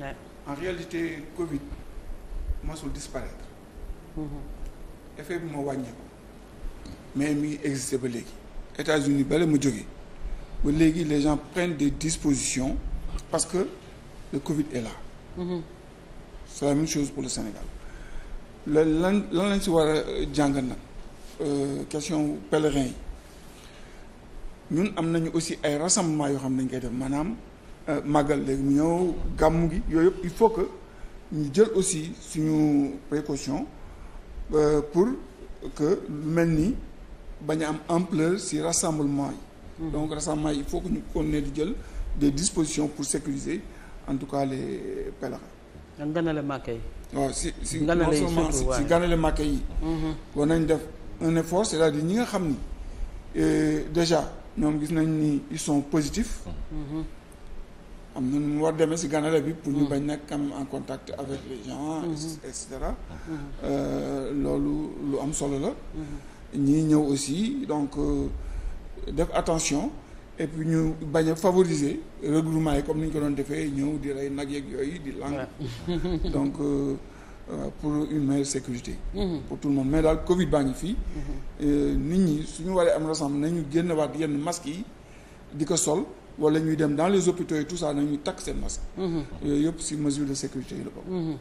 Ouais. en réalité Covid mosul disparaître. Mm-hmm. effet bi moo wàññeeku. mais mi ngi existé ba léegi. États-Unis bala ma jógee ba léegi les gens prennent des dispositions parce que le Covid est la Mmh. c'est la même chose pour le Sénégal. la lan lan lañ si war a euh, jàngal nag euh, question pèlerin yi ñun am nañu aussi ay rassemblement yoo xam ne dañ koy def maanaam. Euh, màggal léegi mu ñëw gàmmu gi yooyu il faut que ñu jël aussi suñu précaution euh, pour que lu mel ni bañ am ampleur si rassemblement yi. Hmm. donc rassemblement yi il faut que ñu continuer di jël des dispositions pour sécuriser en tout cas les pèlerins. ganale màkk yi. waaw si si non seulement si ganale màkk yi. Hmm. war nañ def un effort c'est-à-dire ñi nga xam ni euh, déjà ñoom gis nañ ni ils sont positifs. Hmm. am na nu war demee si ganale bi pour ñu mm. bañ nag am en contact avec les gens mm-hmm. et cetera mm-hmm. euh, loolu lu am solo la mm-hmm. ñii ñëw aussi donc euh, def attention et puis ñu bañ a favoriser regroupement yi comme ni ñu ko doon defee ñëw di rey nag yeeg yooyu di lang donc euh, pour une meilleure sécurité pour tout le monde mais daal Covid baa ngi fii nit ñi suñu waree am rassemble nañu génn waat yenn masques yi di ko sol wala ñuy dem dans les hôpitaux et tout ça nañu takk seen masque. Mm-hmm. yooyu yëpp ci mesure de sécurité yi la bokk. Mm-hmm.